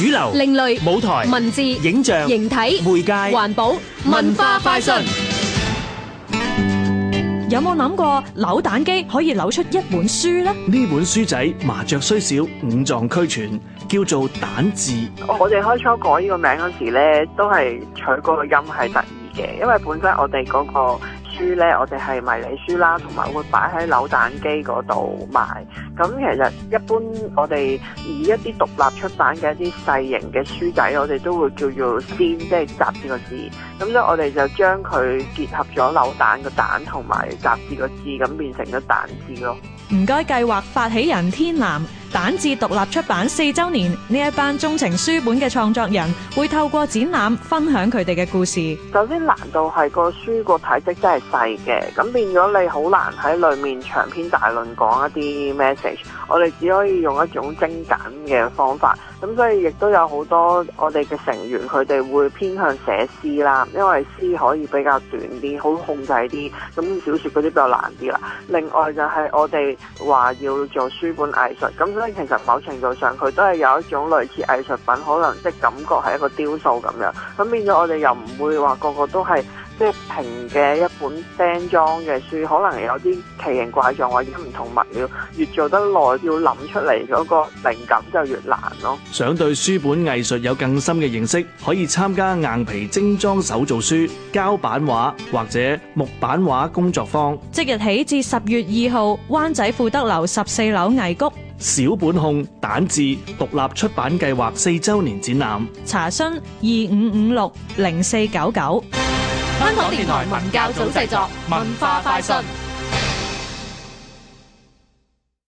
主流、另類舞台、文字、影像、形體、媒介、環保、文化快訊，有冇諗過扭蛋機可以扭出一本書呢？呢本書仔麻雀雖小五臟俱全，叫做蛋字。我哋開初改呢個名嗰時呢，都係取嗰個音係得意嘅，因為本身我哋嗰個書咧，我哋係迷你書啦，同埋會擺喺扭蛋機嗰度賣。咁其實一般我哋以一啲獨立出版嘅一啲細型嘅書仔，我哋都會叫做先即係雜誌個字。咁所以我哋就將佢結合咗扭蛋個蛋同埋雜誌個字，咁變成咗蛋字咯。唔該，計劃發起人天南。蛋字獨立出版四周年，呢一班鍾情書本嘅創作人會透過展覽分享佢哋嘅故事。首先難度係個書個體積真係細嘅，咁變咗你好難喺裏面長篇大論講一啲 message，我哋只可以用一種精簡嘅方法，咁所以亦都有好多我哋嘅成員佢哋會偏向寫詩啦，因為詩可以比較短啲，好控制啲。咁小說嗰啲比較難啲啦。另外就係我哋話要做書本藝術咁。所以其實某程度上，佢都係有一種類似藝術品，可能即感覺係一個雕塑咁樣。咁變咗我哋又唔會話個個都係。即係平嘅一本釘裝嘅書，可能有啲奇形怪狀或者唔同物料，越做得耐，要諗出嚟嗰個靈感就越難咯。想對書本藝術有更深嘅認識，可以參加硬皮精裝手造書、膠版畫或者木版畫工作坊。即日起至十月二號，灣仔富德樓十四樓藝谷小本控膽字獨立出版計劃四週年展覽。查詢二五五六零四九九。香港電台文教組製作，文化快訊。